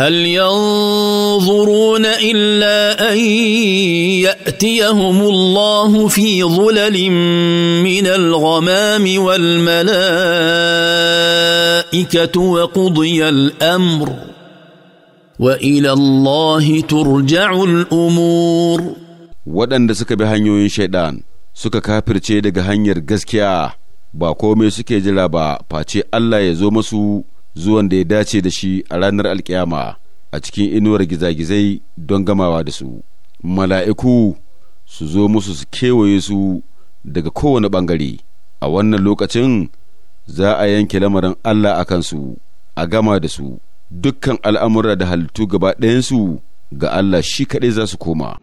هل ينظرون الا ان ياتيهم الله في ظلل من الغمام والملائكه وقضي الامر والى الله ترجع الامور waɗanda suka bi hanyoyin shaiɗan suka kafirce daga hanyar gaskiya ba komai suke jira ba face Allah ya zo masu zuwan da ya dace da shi a ranar alkiyama a cikin inuwar gizagizai don gamawa da su mala'iku su zo musu su kewaye su daga kowane ɓangare a wannan lokacin za a yanke lamarin Allah a kansu a gama da su dukkan al'amura da halittu gaba ɗayansu ga Allah shi kaɗai za su koma.